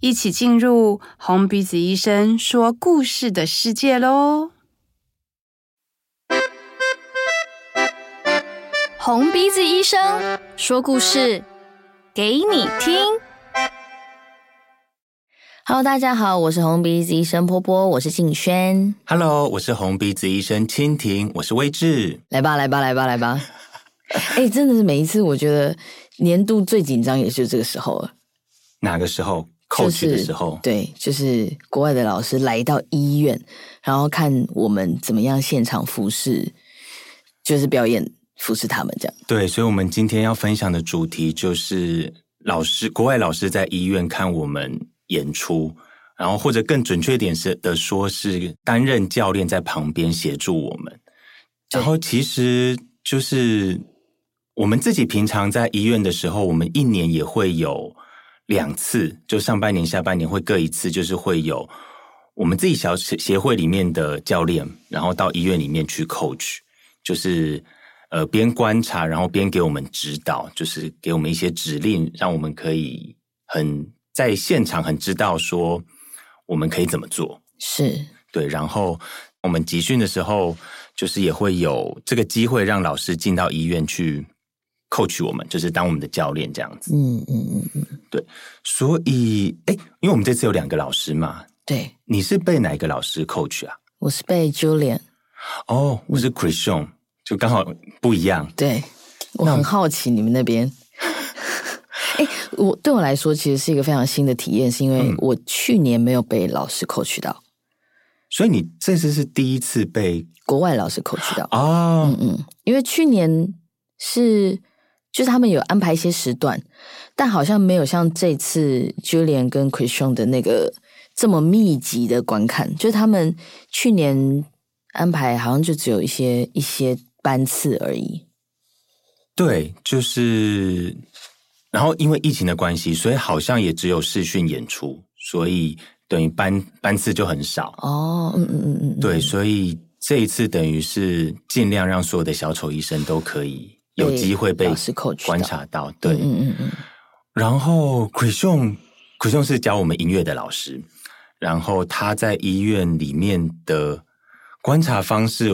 一起進入紅鼻子醫生說故事的世界嘍！紅鼻子醫生說故事給你聽。Hello，大家好，我是紅鼻子醫生波波，我是敬萱。Hello，我是紅鼻子醫生蜻蜓，我是威志。 來吧，來吧，來吧，來吧！哎、 欸，真的是每一次，我覺得年度最緊張也是這個時候了。哪個時候？Coach、就是、的時候，對，就是國外的老師來到醫院，然後看我們怎麼樣現場服侍，就是表演服侍他們這樣。對，所以，我們今天要分享的主題就是老師，國外老師在醫院看我們演出，然後或者更準確一點是的，說是擔任教練在旁邊協助我們。然後，其實就是我們自己平常在醫院的時候，我們一年也會有。兩次，就上半年、下半年會各一次，就是會有我們自己小丑協會裡面的教練，然後到醫院裡面去 coach，就是呃邊觀察，然後邊給我們指導，就是給我們一些指令，讓我們可以很，在現場很知道說我們可以怎麼做，是。對，然後我們集訓的時候，就是也會有這個機會讓老師進到醫院去。coach 我們就是當我們的教練這樣子，嗯嗯嗯嗯，對，所以哎、欸，因為我們這次有兩個老師嘛，對，你是被哪一個老師 coach 啊？我是被 Julian，哦、oh，我是 Christian，就剛好不一樣。對，我，我很好奇你們那邊，哎、 欸，我對我來說其實是一個非常新的體驗，是因為我去年沒有被老師 coach 到、嗯，所以你這次是第一次被國外老師 coach 到啊、哦？嗯嗯，因為去年是。就是他們有安排一些時段，但好像沒有像這次 Julian 跟 Christian 的那個這麼密集的觀看。就是他們去年安排好像就只有一些一些班次而已。對，就是，然後因為疫情的關係，所以好像也只有視訊演出，所以等於班班次就很少。哦，嗯嗯嗯嗯，對，所以這一次等於是盡量讓所有的小丑醫生都可以。有機會被老師觀察到，到，對，嗯嗯嗯。然後 c h r i s n r s n 是教我們音樂的老師，然後他在醫院裡面的觀察方式，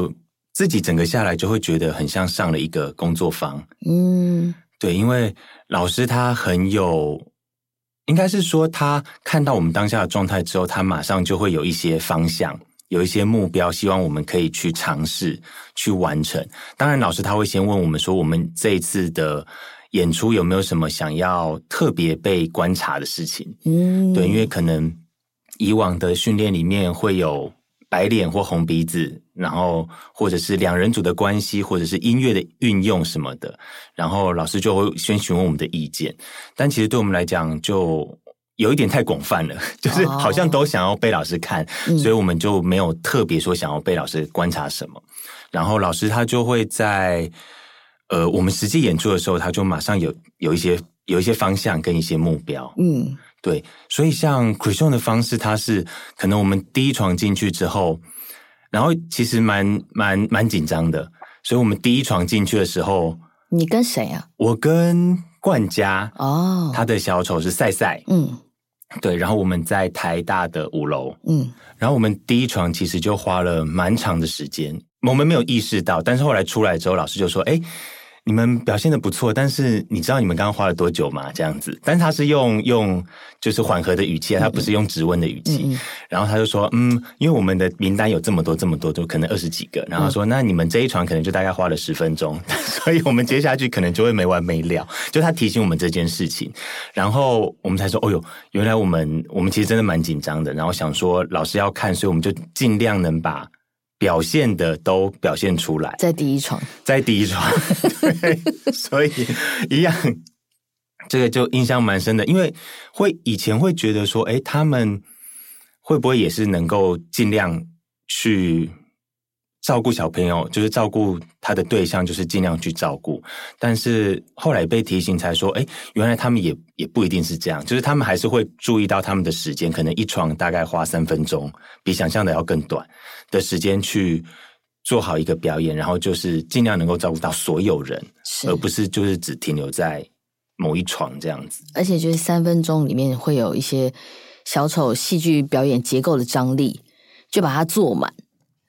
自己整個下來就會覺得很像上了一個工作坊。嗯，對，因為老師他很有，應該是說他看到我們當下的狀態之後，他馬上就會有一些方向。有一些目標，希望我們可以去嘗試去完成。當然，老師他會先問我們說，我們這一次的演出有沒有什麼想要特別被觀察的事情？嗯、mm.，對，因為可能以往的訓練裡面會有白臉或紅鼻子，然後或者是兩人組的關係，或者是音樂的運用什麼的，然後老師就會先詢問我們的意見。但其實對我們來講，就有一點太廣泛了，就是好像都想要被老師看，Oh, 所以我們就沒有特別說想要被老師觀察什麼。嗯，然後老師他就會在呃，我們實際演出的時候，他就馬上有有一些有一些方向跟一些目標。嗯，對，所以像 Christian 的方式，他是可能我們第一床進去之後，然後其實蠻蠻蠻，蠻緊張的，所以我們第一床進去的時候，你跟誰呀、啊？我跟。冠家哦，oh, 他的小丑是賽賽，嗯、um,，對，然後我們在台大的五樓，嗯、um,，然後我們第一床其實就花了蠻長的時間，我們沒有意識到，但是後來出來之後，老師就說，哎、欸。你們表現的不錯，但是你知道你們剛剛花了多久嗎？這樣子，但是他是用用就是緩和的語氣，他不是用質問的語氣、嗯嗯，然後他就說，嗯，因為我們的名單有這麼多，這麼多，就可能二十幾個，然後他說、嗯，那你們這一場可能就大概花了十分鐘，所以我們接下去可能就會沒完沒了。就他提醒我們這件事情，然後我們才說，哦喲原來我們我們其實真的蠻緊張的，然後想說老師要看，所以我們就盡量能把。表現的都表現出來，在第一床，在第一床，對 所以一樣，這個就印象蠻深的。因為會以前會覺得說，誒、欸，他們會不會也是能夠盡量去、嗯。照顧小朋友就是照顧他的對象，就是盡量去照顧。但是後來被提醒才說，哎，原來他們也也不一定是這樣，就是他們還是會注意到他們的時間，可能一床大概花三分鐘，比想象的要更短的時間去做好一個表演，然後就是盡量能夠照顧到所有人，而不是就是只停留在某一床這樣子。而且就是三分鐘裡面會有一些小丑戲劇表演結構的張力，就把它做滿。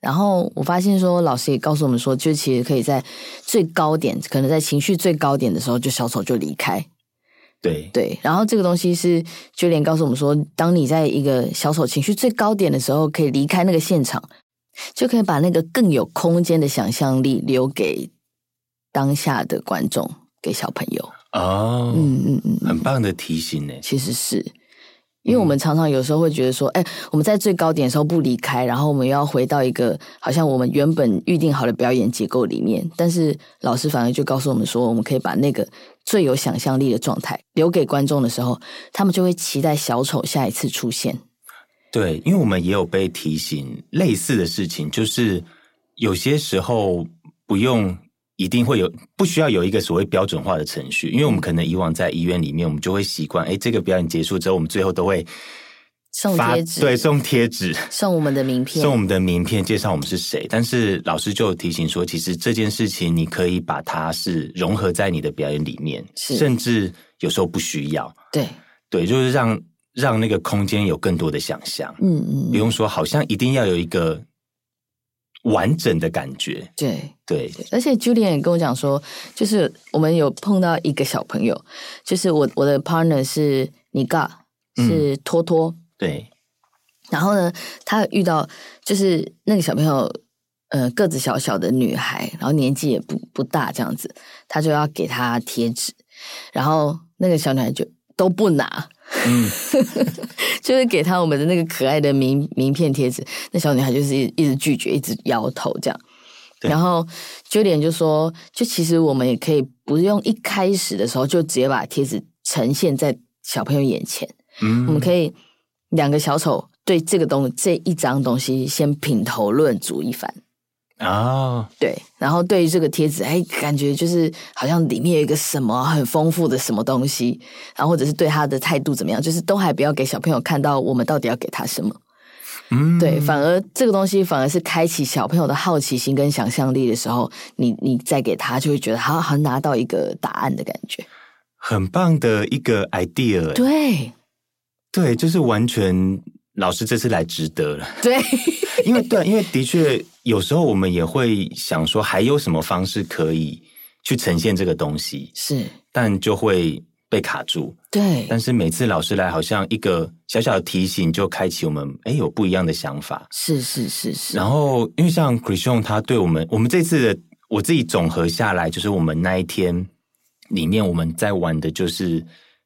然後我發現說，老師也告訴我們說，就其實可以在最高點，可能在情緒最高點的時候，就小丑就離開。對對，然後這個東西是教練告訴我們說，當你在一個小丑情緒最高點的時候，可以離開那個現場，就可以把那個更有空間的想象力留給當下的觀眾，給小朋友。哦，嗯嗯嗯，很棒的提醒呢。其實是。因為我們常常有時候會覺得說，哎、欸，我們在最高點的時候不離開，然後我們又要回到一個好像我們原本預定好的表演結構裡面。但是老師反而就告訴我們說，我們可以把那個最有想象力的狀態留給觀眾的時候，他們就會期待小丑下一次出現。對，因為我們也有被提醒類似的事情，就是有些時候不用。一定會有，不需要有一個所謂標準化的程序，因為我們可能以往在醫院裡面，我們就會習慣，哎，這個表演結束之後，我們最後都會發送貼紙，對，送貼紙，送我們的名片，送我們的名片，介紹我們是誰。但是老師就有提醒說，其實這件事情你可以把它是融合在你的表演裡面，是甚至有時候不需要。對，對，就是讓讓那個空間有更多的想象。嗯，嗯，比如說，好像一定要有一個。完整的感覺，對對，而且 Julian 也跟我講說，就是我們有碰到一個小朋友，就是我我的 partner 是尼嘎，是托托，對。然後呢，他遇到就是那個小朋友，呃，個子小小的女孩，然後年紀也不不大，這樣子，他就要給他貼紙，然後那個小女孩就都不拿。嗯， 就是給他我們的那個可愛的名名片貼紙，那小女孩就是一一直拒絕，一直搖頭這樣。然後有點就就說，就其實我們也可以不用一開始的時候就直接把貼紙呈現在小朋友眼前。嗯， 我們可以兩個小丑對這個東這一張東西先品頭論足一番。啊、oh.，對，然後對於這個貼紙，哎、欸，感覺就是好像裡面有一個什麼很豐富的什麼東西，然後或者是對他的態度怎麼樣，就是都還不要給小朋友看到，我們到底要給他什麼？嗯、mm.，對，反而這個東西反而是開啟小朋友的好奇心跟想象力的時候，你你再給他，就會覺得他好像拿到一個答案的感覺，很棒的一個 idea 欸。對，對，就是完全。老師這次來值得了對，。 對，因為對，因為的確有時候我們也會想說，還有什麼方式可以去呈現這個東西是，但就會被卡住，對。但是每次老師來，好像一個小小的提醒就開啟我們，哎、欸，有不一樣的想法，是是是是。然後因為像 Christian，他對我們，我們這次的我自己總和下來，就是我們那一天裡面我們在玩的就是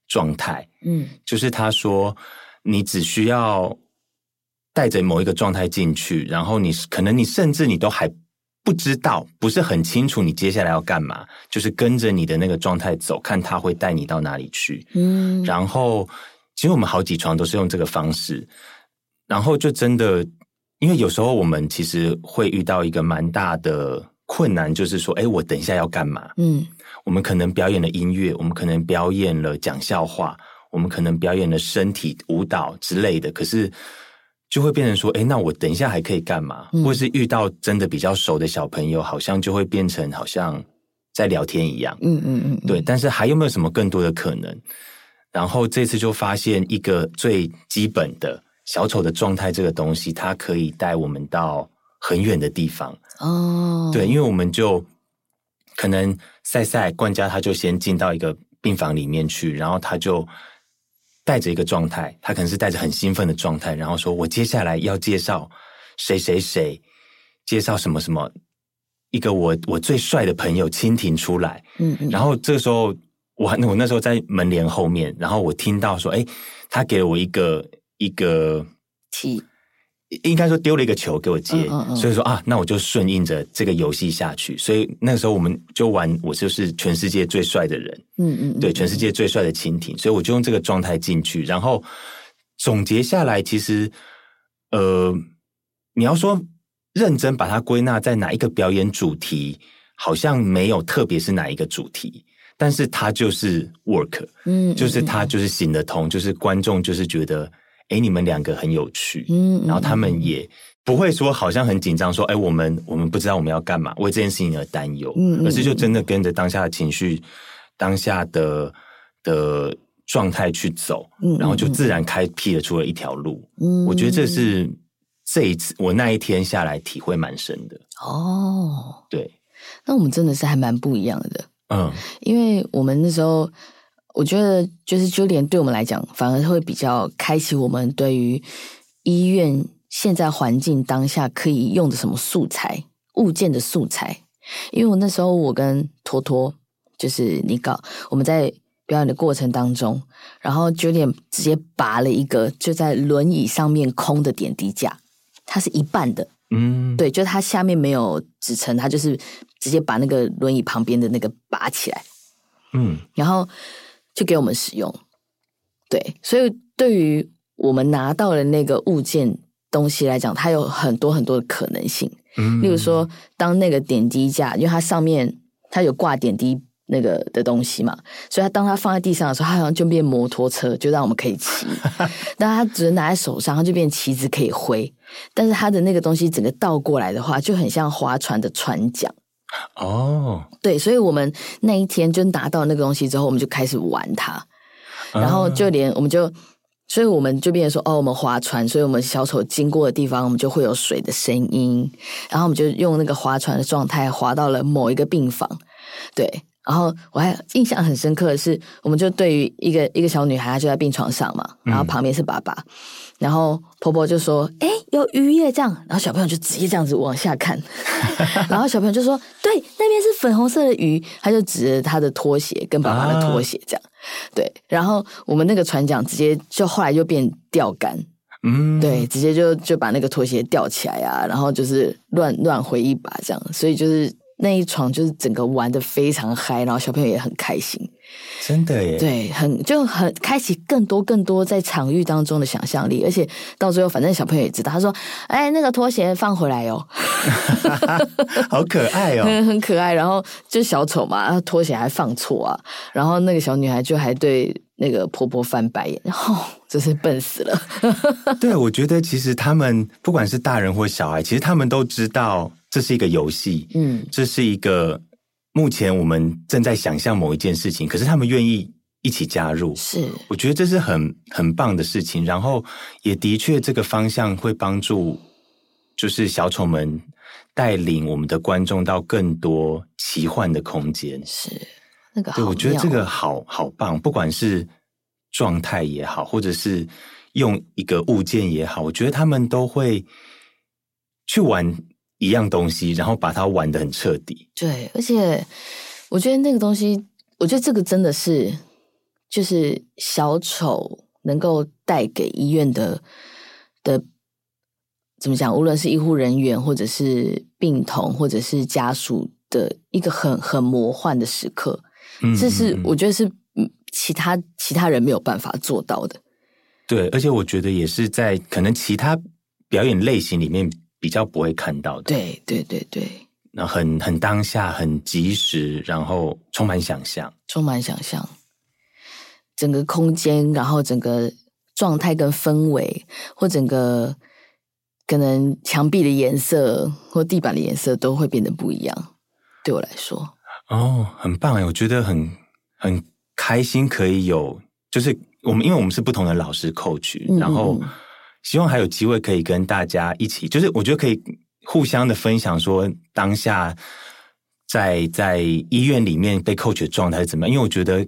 狀態，嗯，就是他說。你只需要帶着某一個狀態進去，然後你可能你甚至你都還不知道，不是很清楚你接下來要幹嘛，就是跟着你的那個狀態走，看他會帶你到哪裡去。嗯，然後其實我們好幾床都是用這個方式，然後就真的，因為有時候我們其實會遇到一個蠻大的困難，就是說，誒，我等一下要幹嘛？嗯，我們可能表演了音樂，我們可能表演了講笑話。我們可能表演了身體舞蹈之類的，可是就會變成說，哎、欸，那我等一下還可以幹嘛？嗯。或是遇到真的比較熟的小朋友，好像就會變成好像在聊天一樣。嗯嗯嗯，對。但是還有沒有什麼更多的可能？然後這次就發現一個最基本的小丑的狀態這個東西，它可以帶我們到很遠的地方。哦，對，因為我們就可能賽賽管家他就先進到一個病房裡面去，然後他就帶着一個狀態，他可能是帶着很興奮的狀態，然後說：“我接下來要介紹誰誰誰，介紹什麼什麼一個我我最帥的朋友蜻蜓出來。”嗯嗯。然後這個時候，我我那時候在門簾後面，然後我聽到說：“哎，他給了我一個一個提。嗯”應該說丟了一個球給我接，uh, uh, uh. 所以說啊，那我就順應着這個遊戲下去。所以那個時候我們就玩，我就是全世界最帥的人，嗯嗯，對，全世界最帥的蜻蜓。所以我就用這個狀態進去。然後總結下來，其實呃，你要說認真把它歸納在哪一個表演主題，好像沒有特別是哪一個主題，但是它就是 work，就是它就是行得通，mm -hmm. 就是觀眾就是覺得。哎、欸，你們兩個很有趣，嗯，嗯，然後他們也不會說好像很緊張，說、欸、哎，我們我們不知道我們要幹嘛，為這件事情而擔憂，嗯，嗯，嗯，嗯，而是就真的跟着當下的情緒、當下的的狀態去走，嗯嗯嗯，然後就自然開闢了出了一條路，嗯，嗯，我覺得這是這一次我那一天下來體會蠻深的，哦，對，那我們真的是還蠻不一樣的，嗯，因為我們那時候。我覺得就是 Julian 對我們來講，反而會比較開啟我們對於醫院現在環境當下可以用的什麼素材物件、的素材。因為我那時候我跟托托就是你搞，我們在表演的過程當中，然後 Julian 直接拔了一個就在輪椅上面空的點滴架，它是一半的，嗯，對，就它下面沒有支撐，它就是直接把那個輪椅旁邊的那個拔起來，嗯，然後。就給我們使用，對，所以對於我們拿到了那個物件東西來講，它有很多很多的可能性。嗯，例如說，當那個點滴架，因為它上面它有掛點滴那個的東西嘛，所以它當它放在地上的時候，它好像就變摩托車，就讓我們可以騎；但 它只能拿在手上，它就變旗子可以揮。但是它的那個東西整個倒過來的話，就很像划船的船槳。哦，oh，對，所以我們那一天就拿到那個東西之後，我們就開始玩它，然後就連我們就，所以我們就變成說，哦，我們划船，所以我們小丑經過的地方，我們就會有水的聲音，然後我們就用那個划船的狀態劃到了某一個病房，對。然後我還印象很深刻的是，我們就對於一個一個小女孩，她就在病床上嘛，然後旁邊是爸爸，嗯、然後婆婆就說：“哎，有魚耶！」這樣。”然後小朋友就直接這樣子往下看， 然後小朋友就說：“對，那邊是粉紅色的魚。”她就指着她的拖鞋跟爸爸的拖鞋這樣，啊、對。然後我們那個船槳直接就後來就變釣竿，嗯，對，直接就就把那個拖鞋釣起來啊，然後就是亂亂回一把這樣，所以就是。那一床就是整個玩的非常嗨，然後小朋友也很開心，真的耶！對，很就很開啟更多更多在場域當中的想象力而且到最後，反正小朋友也知道，他說：“哎、欸，那個拖鞋放回來喲、喔， 好可愛哦、喔 ，很可愛。”然後就小丑嘛，啊、拖鞋還放錯啊，然後那個小女孩就還對那個婆婆翻白眼，然後真是笨死了。 對，我覺得其實他們不管是大人或小孩，其實他們都知道，這是一個遊戲，嗯，這是一個目前我們正在想象某一件事情，可是他們願意一起加入，是，我覺得這是很很棒的事情。然後也的確，這個方向會幫助，就是小丑們帶領我們的觀眾到更多奇幻的空間，是那個好。對，我覺得這個好好棒，不管是狀態也好，或者是用一個物件也好，我覺得他們都會去玩。一樣東西，然後把它玩得很徹底。對，而且我覺得那個東西，我覺得這個真的是，就是小丑能夠帶給醫院的的怎麼講？無論是醫護人員，或者是病童，或者是家屬的一個很很魔幻的時刻。嗯，嗯，嗯，這是我覺得是其他其他人沒有辦法做到的。對，而且我覺得也是在可能其他表演類型裡面。比較不會看到的。對對對對，那很很當下，很即時，然後充滿想象，充滿想象，整個空間，然後整個狀態跟氛圍，或整個可能牆壁的顏色或地板的顏色都會變得不一樣。對我來說，哦，很棒哎，我覺得很很開心，可以有，就是我們因為我們是不同的老師扣取、嗯嗯嗯，然後。希望還有機會可以跟大家一起，就是我覺得可以互相的分享，說當下在在醫院裡面被 coach 的狀態怎麼樣？因為我覺得，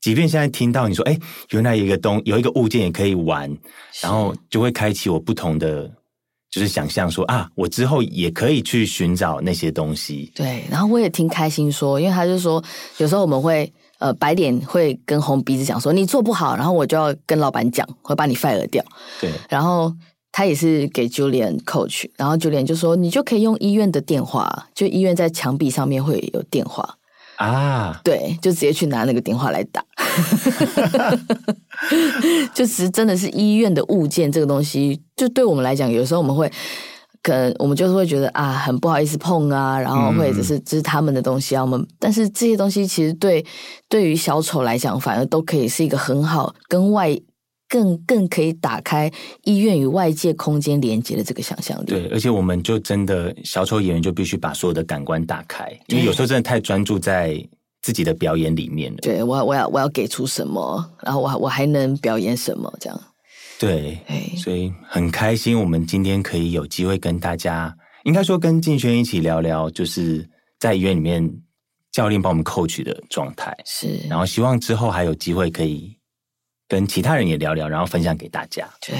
即便現在聽到你說，哎，原來有一個東有一個物件也可以玩，然後就會開啟我不同的，就是想象說啊，我之後也可以去尋找那些東西。對，然後我也挺開心說，因為他就說，有時候我們會。呃，白臉會跟紅鼻子講說：“你做不好，然後我就要跟老板講，會把你 fire 掉。”對，然後他也是給 Julian coach，然後 Julian 就說：“你就可以用醫院的電話，就醫院在牆壁上面會有電話啊。”對，就直接去拿那個電話來打。 就其實真的是醫院的物件，這個東西就對我們來講，有時候我們會。可能我們就是會覺得啊，很不好意思碰啊，然後或者只是、嗯、這是他們的東西啊。我們但是這些東西其實對對於小丑來講，反而都可以是一個很好跟外更更可以打開醫院與外界空間連接的這個想象力。對，而且我們就真的小丑演員就必須把所有的感官打開，因為有時候真的太專注在自己的表演裡面了。對，我要我要我要給出什麼，然後我我還能表演什麼這樣。對，所以很開心，我們今天可以有機會跟大家，應該說跟敬萱一起聊聊，就是在醫院裡面教練幫我們 coach 的狀態。是，然後希望之後還有機會可以跟其他人也聊聊，然後分享給大家。對，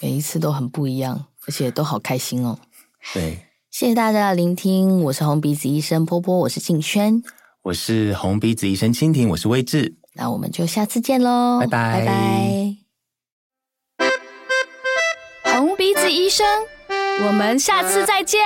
每一次都很不一樣，而且都好開心哦。對， 謝謝大家的聆聽。我是紅鼻子醫生波波，我是敬萱，我是紅鼻子醫生蜻蜓，我是威志，那我們就下次見嘍，拜拜拜。Bye bye 是醫生，我們下次再見。